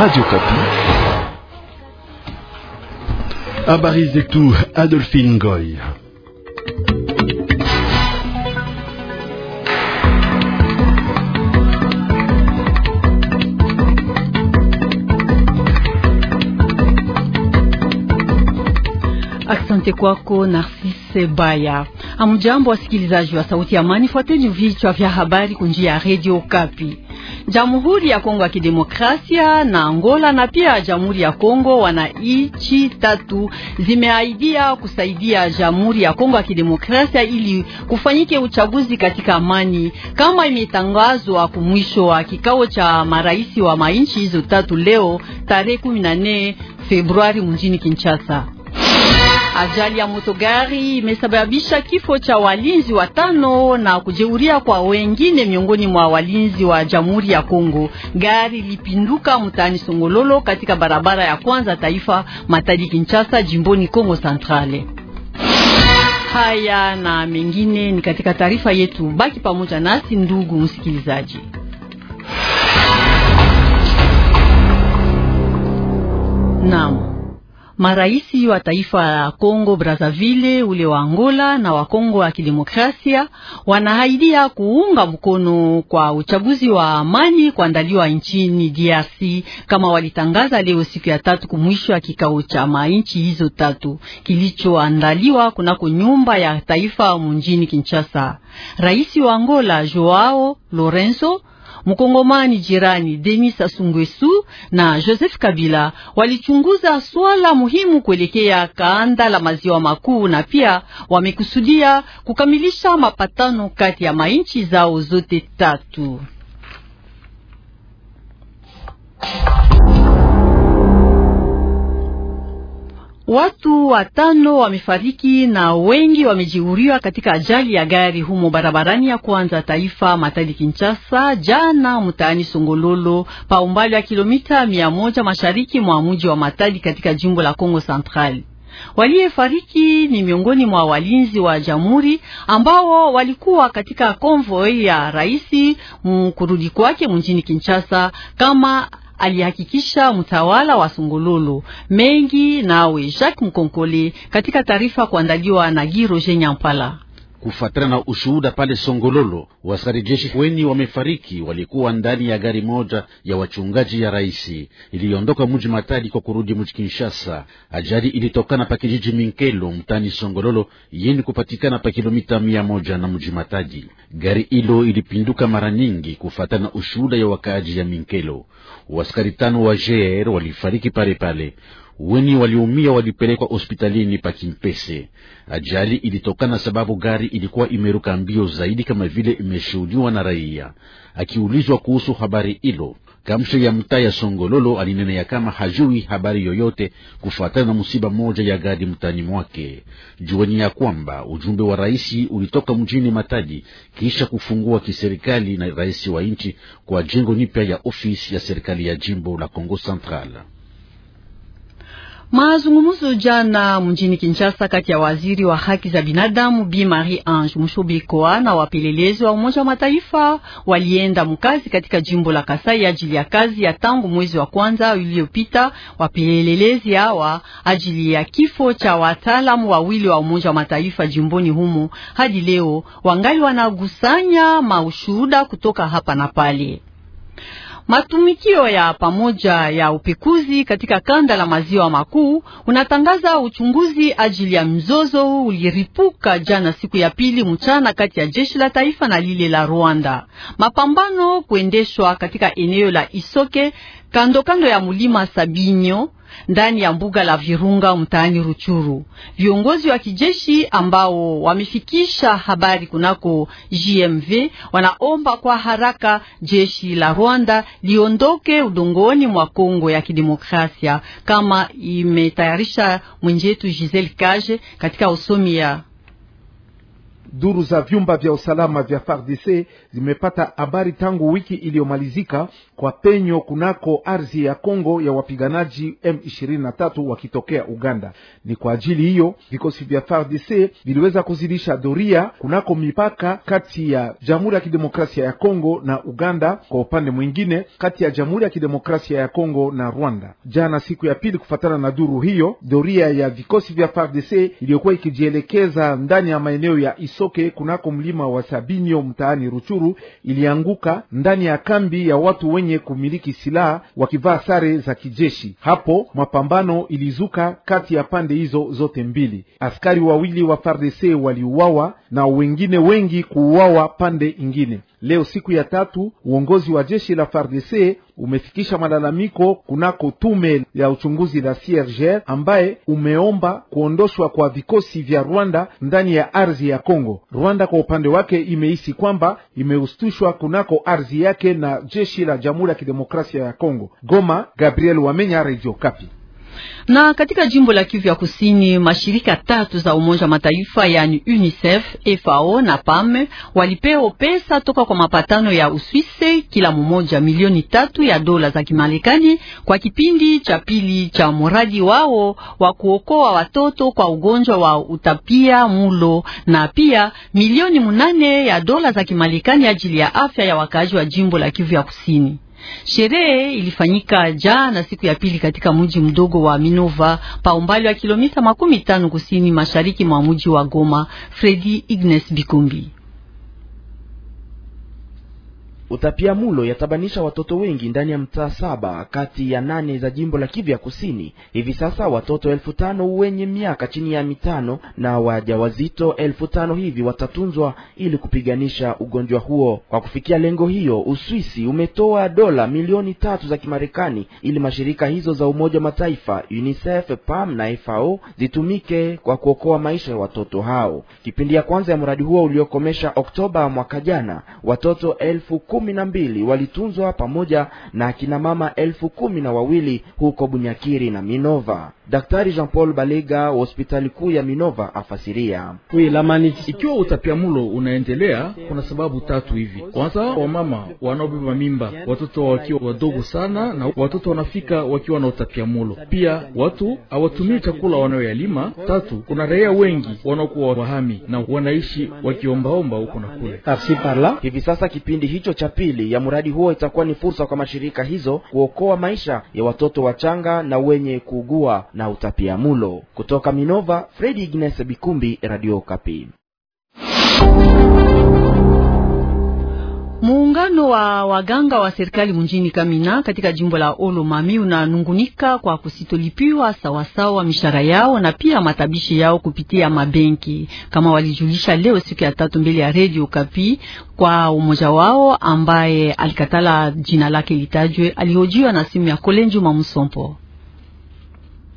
Radio Kapi. Habari zetu, Adolphine Ngoy. Asante kwako Narcisse Baya. Amjambo wasikilizaji wa Sauti ya Amani, fuateni vichwa vya habari kunjia ya Radio Kapi. Jamhuri ya Kongo ya Kidemokrasia na Angola na pia Jamhuri ya Kongo wana nchi tatu zimeahidia kusaidia Jamhuri ya Kongo ya Kidemokrasia ili kufanyike uchaguzi katika amani, kama imetangazwa kumwisho wa kikao cha marais wa mainchi hizo tatu leo tarehe 14 Februari mjini Kinshasa. Ajali ya moto gari imesababisha kifo cha walinzi watano na kujeuria kwa wengine miongoni mwa walinzi wa Jamhuri ya Kongo. Gari lipinduka mtaani Songololo katika barabara ya kwanza taifa Matadi Kinshasa jimboni Kongo Centrale. Haya na mengine ni katika taarifa yetu. Baki pamoja nasi ndugu msikilizaji. Naam maraisi wa taifa la Kongo Brazzaville, ule wa Angola na wa Kongo ya Kidemokrasia wanaahidia kuunga mkono kwa uchaguzi wa amani kuandaliwa nchini DRC kama walitangaza leo siku ya tatu kumwisho ya kikao cha mainchi hizo tatu kilichoandaliwa kunako nyumba ya taifa mjini Kinshasa. Rais wa Angola Joao Lorenzo Mkongomani jirani Denis Asungwesu na Joseph Kabila walichunguza swala muhimu kuelekea kaanda la maziwa makuu na pia wamekusudia kukamilisha mapatano kati ya mainchi zao zote tatu. Watu watano wamefariki na wengi wamejeruhiwa katika ajali ya gari humo barabarani ya kwanza taifa Matadi Kinshasa jana mtaani Songololo pa umbali wa kilomita mia moja mashariki mwa mji wa Matadi katika jimbo la Kongo Central. Waliyefariki ni miongoni mwa walinzi wa jamhuri ambao walikuwa katika konvoi ya rais mkurudi kwake mjini Kinshasa kama alihakikisha mtawala wa Sungululu mengi nawe Jacques Mkonkole katika taarifa kuandaliwa na Giroje Nyampala. Kufatana na ushuhuda pale Songololo, waskari jeshi weni wamefariki walikuwa ndani ya gari moja ya wachungaji ya raisi iliyoondoka mji Matadi kwa kurudi mji Kinshasa. Ajali ilitokana pa kijiji Minkelo mtani Songololo yeni kupatikana pa kilomita mia moja na mji Matadi. Gari hilo ilipinduka mara nyingi, kufatana na ushuhuda ya wakaaji ya Minkelo. Waskari tano wa JR walifariki palepale pale. Wenye waliumia walipelekwa hospitalini pa Kimpese. Ajali ilitokana sababu gari ilikuwa imeruka mbio zaidi, kama vile imeshuhudiwa na raia. Akiulizwa kuhusu habari hilo, kamshe ya mtaa ya Songololo alinenea kama hajui habari yoyote kufuatana na msiba moja ya gari mtani mwake. Jueni ya kwamba ujumbe wa rais ulitoka mjini Matadi kisha kufungua kiserikali na rais wa nchi kwa jengo nipya ya ofisi ya serikali ya jimbo la congo Central. Mazungumzo jana mjini Kinshasa kati ya waziri wa haki za binadamu Bi Marie Ange Mushobikoa na wapelelezi wa Umoja wa Mataifa walienda mkazi katika jimbo la Kasai ajili ya kazi ya tangu mwezi wa kwanza uliopita. Wapelelezi hawa ajili ya kifo cha wataalamu wawili wa Umoja wa Mataifa jimboni humo, hadi leo wangali wanagusanya maushuhuda kutoka hapa na pale. Matumikio ya pamoja ya upekuzi katika kanda la maziwa makuu unatangaza uchunguzi ajili ya mzozo uliripuka jana siku ya pili mchana kati ya jeshi la taifa na lile la Rwanda. Mapambano kuendeshwa katika eneo la Isoke kando kando ya mulima Sabinyo ndani ya mbuga la Virunga mtaani Ruchuru. Viongozi wa kijeshi ambao wamefikisha habari kunako gmv wanaomba kwa haraka jeshi la Rwanda liondoke udongoni mwa Kongo ya Kidemokrasia, kama imetayarisha mwenjetu Giselle Kaje katika usomi ya Duru za vyumba vya usalama vya FARDC zimepata habari tangu wiki iliyomalizika kwa penyo kunako ardhi ya Kongo ya wapiganaji M23 wakitokea Uganda. Ni kwa ajili hiyo vikosi vya FARDC viliweza kuzidisha doria kunako mipaka kati ya Jamhuri ya Kidemokrasia ya Kongo na Uganda, kwa upande mwingine kati ya Jamhuri ya Kidemokrasia ya Kongo na Rwanda. Jana siku ya pili, kufatana na duru hiyo, doria ya vikosi vya FARDC iliyokuwa ikijielekeza ndani ya maeneo ya Iso Kasoke kunako mlima wa Sabinio mtaani Ruchuru ilianguka ndani ya kambi ya watu wenye kumiliki silaha wakivaa sare za kijeshi. Hapo mapambano ilizuka kati ya pande hizo zote mbili. Askari wawili wa FARDC waliuawa na wengine wengi kuuawa pande ingine. Leo siku ya tatu, uongozi wa jeshi la FARDC umefikisha malalamiko kunako tume ya uchunguzi la CIRGL ambaye umeomba kuondoshwa kwa vikosi vya Rwanda ndani ya ardhi ya Kongo. Rwanda kwa upande wake imehisi kwamba imehusishwa kunako ardhi yake na jeshi la Jamhuri ya Kidemokrasia ya Kongo. Goma, Gabriel Wamenya, Radio Kapi. Na katika jimbo la Kivu ya Kusini, mashirika tatu za Umoja wa Mataifa yaani UNICEF, FAO na PAM walipewa pesa toka kwa mapatano ya Uswise, kila mmoja milioni tatu ya dola za Kimarekani kwa kipindi cha pili cha mradi wao wa kuokoa watoto kwa ugonjwa wa utapia mulo na pia milioni munane ya dola za Kimarekani ajili ya afya ya wakaaji wa jimbo la Kivu ya Kusini. Sherehe ilifanyika jana siku ya pili katika mji mdogo wa Minova pa umbali wa kilomita makumi tano kusini mashariki mwa mji wa Goma. Fredi Ignace Bikumbi utapia mulo yatabanisha watoto wengi ndani ya mtaa saba kati ya nane za jimbo la Kivu ya Kusini. Hivi sasa watoto elfu tano wenye miaka chini ya mitano na wajawazito elfu tano hivi watatunzwa ili kupiganisha ugonjwa huo. Kwa kufikia lengo hiyo, Uswisi umetoa dola milioni tatu za Kimarekani ili mashirika hizo za Umoja wa Mataifa, UNICEF, PAM na FAO zitumike kwa kuokoa maisha ya watoto hao. Kipindi ya kwanza ya mradi huo uliokomesha Oktoba mwaka jana, watoto elfu kumi na mbili walitunzwa pamoja na akina mama elfu kumi na wawili huko Bunyakiri na Minova. Daktari Jean Paul Balega wa hospitali kuu ya Minova afasiria ikiwa utapiamlo unaendelea, kuna sababu tatu hivi. Kwanza, wamama wanaobeba mimba watoto wakiwa wadogo sana, na watoto wanafika wakiwa na utapiamlo. Pia watu hawatumii chakula wanayoyalima. Tatu, kuna raia wengi wanaokuwa wahami na wanaishi wakiombaomba huko na kule. Ah, hivi sasa kipindi hicho cha pili ya mradi huo itakuwa ni fursa kwa mashirika hizo kuokoa maisha ya watoto wachanga na wenye kuugua na utapia mulo Kutoka Minova, Fredi ignes Bikumbi, Radio Kapi. Muungano wa waganga wa serikali mjini Kamina katika jimbo la Olomami unanungunika kwa kusitolipiwa sawasawa mishahara yao na pia matabishi yao kupitia mabenki, kama walijulisha leo siku ya tatu mbele ya Radio Kapi. Kwa umoja wao ambaye alikatala jina lake litajwe, alihojiwa na simu ya Kolenjuma Musompo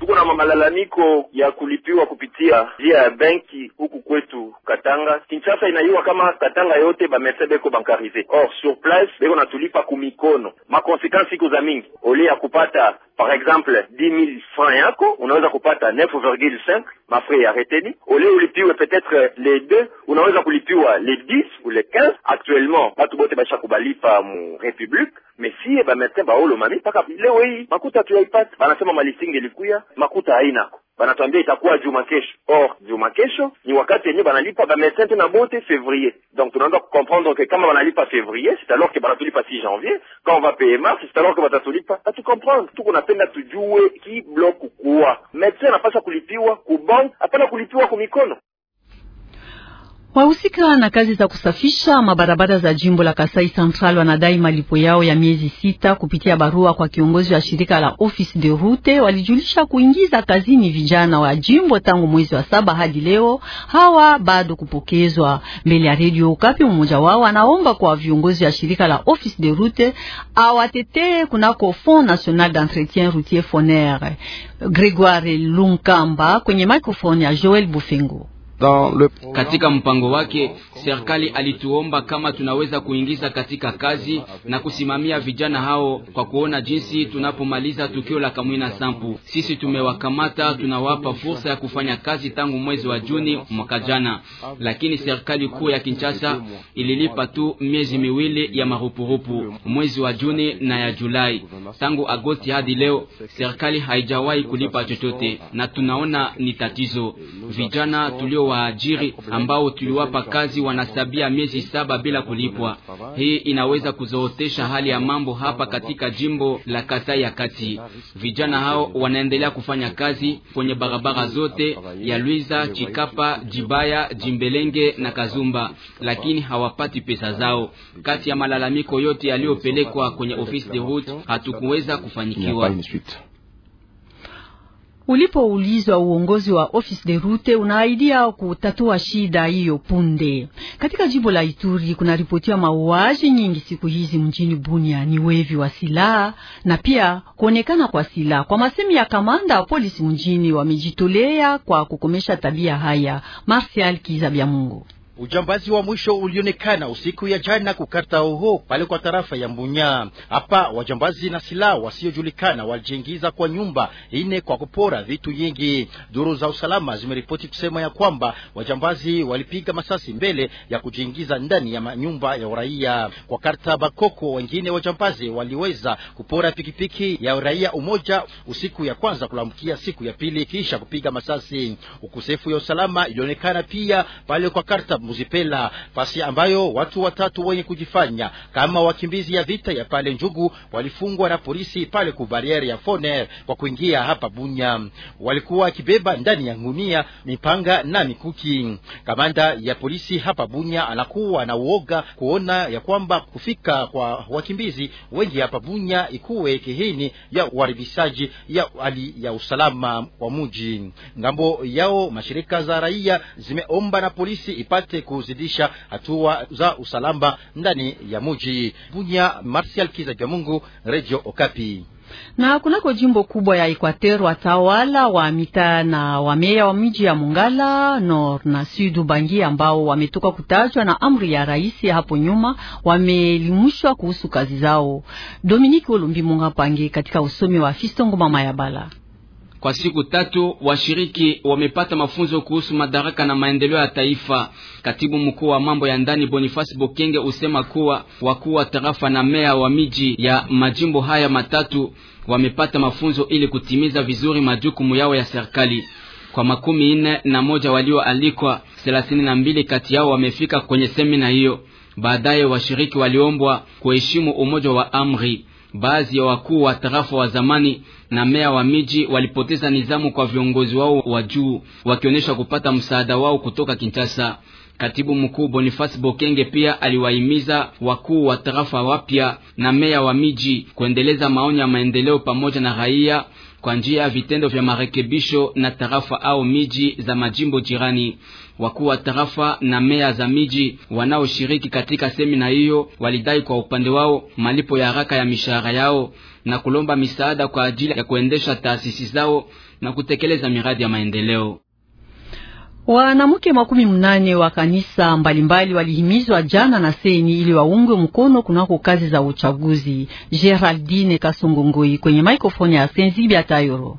tuko na malalamiko ya kulipiwa kupitia njia ya benki huku kwetu Katanga. Kinshasa inaiwa kama Katanga yote bamerse beko bankarize, or sur place beko natulipa kumikono. Makonsekansi iko za mingi, ole ya kupata par exemple 10000 francs yako unaweza kupata 9,5 mafre ya Ou les peut-être euh, les deux, unaweza kulipiwa euh, les dix ou les quinze. Actuellement batu bote kubalipa mu republique baolomami mpaka leo hii makuta de banasema malisingi likuya makuta hainako banatuambia itakuwa juma kesho. Or juma kesho ni wakati yenyewe banalipa bamedecin tena bote fevrier, donc tunaanza kucomprendre que kama banalipa fevrier c'est alors que banatulipa si janvier, quand on va mars c'est alors que batatulipa. Hatucomprendre, tuko napenda tujue ki blok kuwa medecin anapasha kulipiwa ku bank, apana kulipiwa ku mikono. Wahusika na kazi za kusafisha mabarabara za jimbo la Kasai Central wanadai malipo yao ya miezi sita kupitia barua kwa kiongozi wa shirika la Office de Route. Walijulisha kuingiza kazini vijana wa jimbo tangu mwezi wa saba hadi leo, hawa bado kupokezwa. Mbele ya redio Ukapi, mmoja wao anaomba kwa viongozi wa shirika la Office de Route awatetee kunako Fond National d'Entretien Routier FONER. Gregoire Lunkamba kwenye microphone ya Joel Bufengo. Katika mpango wake serikali alituomba kama tunaweza kuingiza katika kazi na kusimamia vijana hao kwa kuona jinsi tunapomaliza tukio la Kamwina Sampu. Sisi tumewakamata, tunawapa fursa ya kufanya kazi tangu mwezi wa Juni mwaka jana, lakini serikali kuu ya Kinshasa ililipa tu miezi miwili ya marupurupu, mwezi wa Juni na ya Julai. Tangu Agosti hadi leo serikali haijawahi kulipa chochote, na tunaona ni tatizo. Vijana tulio waajiri ambao tuliwapa kazi wanasabia miezi saba bila kulipwa. Hii inaweza kuzootesha hali ya mambo hapa katika jimbo la Kasai ya Kati. Vijana hao wanaendelea kufanya kazi kwenye barabara zote ya Luiza, Chikapa, Jibaya, Jimbelenge na Kazumba, lakini hawapati pesa zao. Kati ya malalamiko yote yaliyopelekwa kwenye ofisi de route hatukuweza kufanikiwa. Ulipoulizwa uongozi wa office de route unaaidia kutatua shida hiyo punde. Katika jimbo la Ituri kunaripotiwa mauaji nyingi siku hizi mjini Bunia, ni wevi wa silaha na pia kuonekana kwa silaha. Kwa masemi ya kamanda wa polisi mjini, wamejitolea kwa kukomesha tabia haya. Martial Kiza Bya Mungu Ujambazi wa mwisho ulionekana usiku ya jana kukarta oho pale kwa tarafa ya Mbunya. Hapa wajambazi na silaha wasiojulikana walijiingiza kwa nyumba ine kwa kupora vitu nyingi. Duru za usalama zimeripoti kusema ya kwamba wajambazi walipiga masasi mbele ya kujiingiza ndani ya nyumba ya uraia kwa karta Bakoko. Wengine wajambazi waliweza kupora pikipiki ya uraia umoja usiku ya kwanza kulamkia siku ya pili kisha kupiga masasi. Ukosefu ya usalama ilionekana pia pale kwa karta Muzipela, fasi ambayo watu watatu wenye kujifanya kama wakimbizi ya vita ya pale Njugu walifungwa na polisi pale ku bariere ya Foner kwa kuingia hapa Bunya. Walikuwa wakibeba ndani ya ngunia mipanga na mikuki. Kamanda ya polisi hapa Bunya anakuwa na uoga kuona ya kwamba kufika kwa wakimbizi wengi hapa Bunya ikuwe kihini ya uharibishaji ya hali ya usalama wa muji. Ngambo yao mashirika za raia zimeomba na polisi ipate kuzidisha hatua za usalama ndani ya muji Bunya. Martial Kiza vya Mungu, Radio Okapi na kunako jimbo kubwa ya Equateur watawala wa mitaa na wameya wa miji ya Mongala Nord na Sud Ubangi ambao wametoka kutajwa na amri ya rais hapo nyuma wamelimushwa kuhusu kazi zao. Dominique Olumbi Mungapange katika usomi wa Fistongo Mama ya Bala. Kwa siku tatu washiriki wamepata mafunzo kuhusu madaraka na maendeleo ya taifa. Katibu mkuu wa mambo ya ndani bonifasi Bokenge usema kuwa wakuu wa tarafa na meya wa miji ya majimbo haya matatu wamepata mafunzo ili kutimiza vizuri majukumu yao ya serikali. Kwa makumi nne na moja walioalikwa, thelathini na mbili kati yao wamefika kwenye semina hiyo. Baadaye washiriki waliombwa kuheshimu umoja wa amri baadhi ya wakuu wa tarafa wa zamani na meya wa miji walipoteza nizamu kwa viongozi wao wa juu, wakionyesha kupata msaada wao kutoka Kinshasa. Katibu mkuu Boniface Bokenge pia aliwahimiza wakuu wa tarafa wapya na meya wa miji kuendeleza maoni ya maendeleo pamoja na raia kwa njia ya vitendo vya marekebisho na tarafa au miji za majimbo jirani. Wakuu wa tarafa na meya za miji wanaoshiriki katika semina hiyo walidai kwa upande wao malipo ya haraka ya mishahara yao na kulomba misaada kwa ajili ya kuendesha taasisi zao na kutekeleza miradi ya maendeleo. Wanamke makumi mnane wa kanisa mbalimbali walihimizwa jana na seni ili waungwe mkono kunako kazi za uchaguzi. Geraldine Kasongongoi kwenye mikrofoni ya senzibia Tayoro.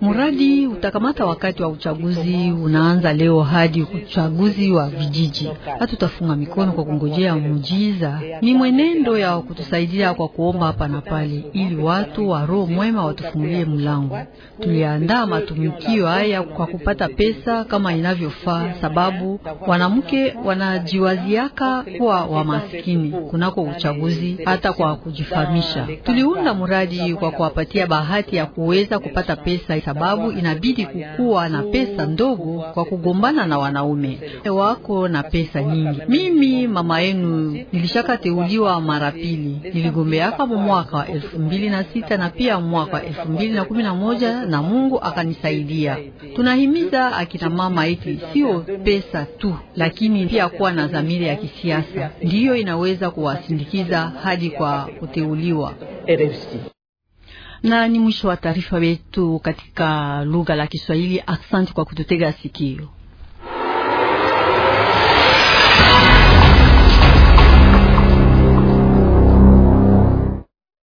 Mradi utakamata wakati wa uchaguzi unaanza leo hadi uchaguzi wa vijiji. Hatutafunga mikono kwa kungojea muujiza, ni mwenendo ya kutusaidia kwa kuomba hapa na pale, ili watu wa roho mwema watufungulie mlango. Tuliandaa matumikio haya kwa kupata pesa kama inavyofaa, sababu wanamke wanajiwaziaka kuwa wamaskini kunako uchaguzi, hata kwa kujifahamisha. Tuliunda mradi kwa kuwapatia bahati ya kuweza kupata pesa, sababu inabidi kukuwa na pesa ndogo kwa kugombana na wanaume wako na pesa nyingi. Mimi mama yenu nilishakateuliwa mara pili, niligombeaka mwaka wa elfu mbili na sita na pia mwaka wa elfu mbili na kumi na moja na Mungu akanisaidia. Tunahimiza akina mama eti sio pesa tu, lakini pia kuwa na dhamiri ya kisiasa ndiyo inaweza kuwasindikiza hadi kwa kuteuliwa na ni mwisho wa taarifa wetu katika lugha la Kiswahili. Asante kwa kututega sikio.